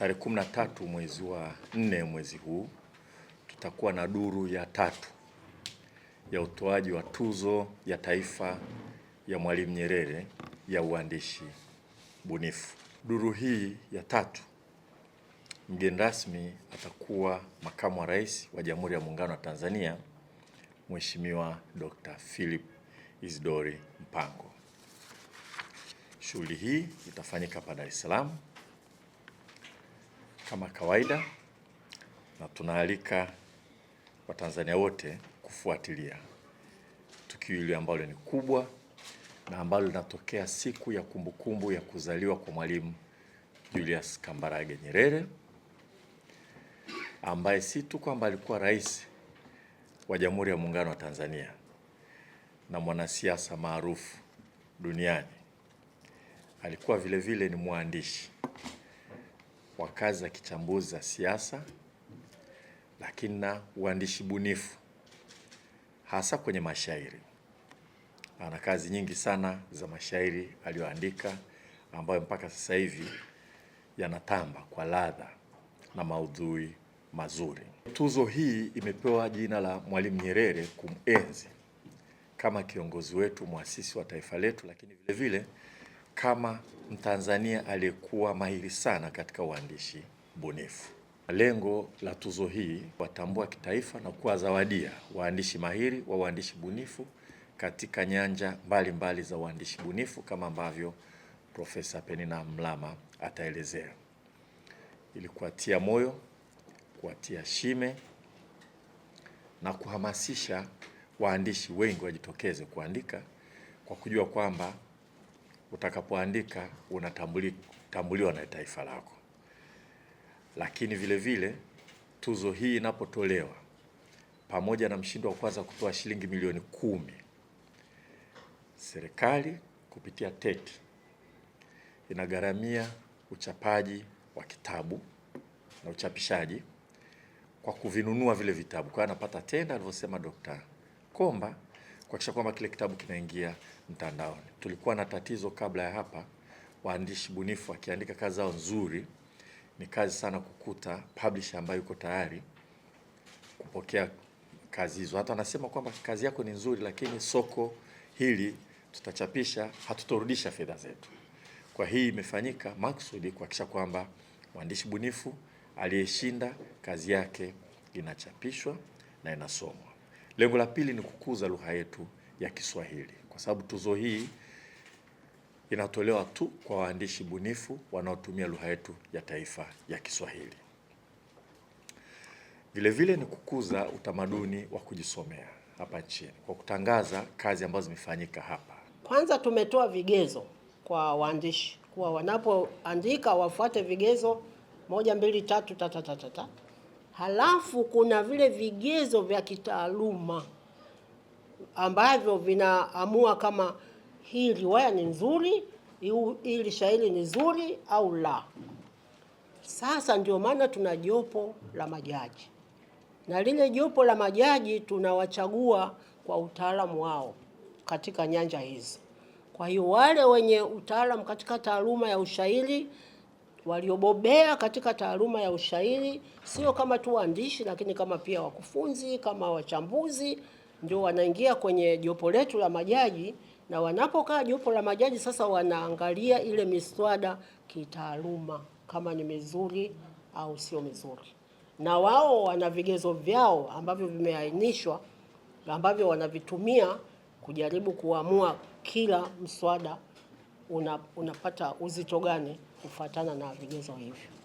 tarehe 13 mwezi wa nne mwezi huu tutakuwa na duru ya tatu ya utoaji wa tuzo ya taifa ya Mwalimu Nyerere ya uandishi bunifu. Duru hii ya tatu, mgeni rasmi atakuwa makamu wa rais wa Jamhuri ya Muungano wa Tanzania Mheshimiwa Dr. Philip Isdori Mpango. Shughuli hii itafanyika hapa Dar es Salaam kama kawaida, na tunaalika Watanzania wote kufuatilia tukio hili ambalo ni kubwa na ambalo linatokea siku ya kumbukumbu kumbu ya kuzaliwa kwa Mwalimu Julius Kambarage Nyerere ambaye si tu kwamba alikuwa rais wa Jamhuri ya Muungano wa Tanzania na mwanasiasa maarufu duniani, alikuwa vile vile ni mwandishi wa kazi za kichambuzi za siasa, lakini na uandishi bunifu hasa kwenye mashairi. Ana kazi nyingi sana za mashairi aliyoandika ambayo mpaka sasa hivi yanatamba kwa ladha na maudhui mazuri. Tuzo hii imepewa jina la Mwalimu Nyerere kumenzi kama kiongozi wetu, mwasisi wa taifa letu, lakini vilevile vile, kama Mtanzania aliyekuwa mahiri sana katika uandishi bunifu. Lengo la tuzo hii watambua kitaifa na kuwazawadia waandishi mahiri wa uandishi bunifu katika nyanja mbalimbali mbali za uandishi bunifu kama ambavyo Profesa Penina Mlama ataelezea, ili kuwatia moyo, kuwatia shime na kuhamasisha waandishi wengi wajitokeze kuandika kwa kujua kwamba utakapoandika unatambuliwa na taifa lako. Lakini vile vile tuzo hii inapotolewa, pamoja na mshindi wa kwanza kutoa shilingi milioni kumi, serikali kupitia TET inagharamia uchapaji wa kitabu na uchapishaji kwa kuvinunua vile vitabu. Kwa hiyo anapata tenda alivyosema Dr. Komba kuhakikisha kwamba kile kitabu kinaingia mtandaoni. Tulikuwa na tatizo kabla ya hapa, waandishi bunifu wakiandika kazi zao nzuri, ni kazi sana kukuta publisher ambayo yuko tayari kupokea kazi hizo. Hata anasema kwamba kazi yako ni nzuri, lakini soko hili tutachapisha, hatutorudisha fedha zetu. Kwa hii imefanyika maksudi kuhakikisha kwamba mwandishi bunifu aliyeshinda kazi yake inachapishwa na inasomwa. Lengo la pili ni kukuza lugha yetu ya Kiswahili kwa sababu tuzo hii inatolewa tu kwa waandishi bunifu wanaotumia lugha yetu ya taifa ya Kiswahili. Vilevile ni kukuza utamaduni wa kujisomea hapa nchini kwa kutangaza kazi ambazo zimefanyika hapa. Kwanza tumetoa vigezo kwa waandishi kuwa wanapoandika wafuate vigezo moja, mbili, tatu, tatatatata ta ta ta. Halafu kuna vile vigezo vya kitaaluma ambavyo vinaamua kama hii riwaya ni nzuri, hili shairi ni nzuri au la. Sasa ndio maana tuna jopo la majaji, na lile jopo la majaji tunawachagua kwa utaalamu wao katika nyanja hizi. Kwa hiyo wale wenye utaalamu katika taaluma ya ushairi waliobobea katika taaluma ya ushairi, sio kama tu waandishi, lakini kama pia wakufunzi, kama wachambuzi, ndio wanaingia kwenye jopo letu la majaji, na wanapokaa jopo la majaji sasa wanaangalia ile miswada kitaaluma, kama ni mizuri au sio mizuri, na wao wana vigezo vyao ambavyo vimeainishwa ambavyo wanavitumia kujaribu kuamua kila mswada una, unapata uzito gani kufuatana na vigezo hivyo.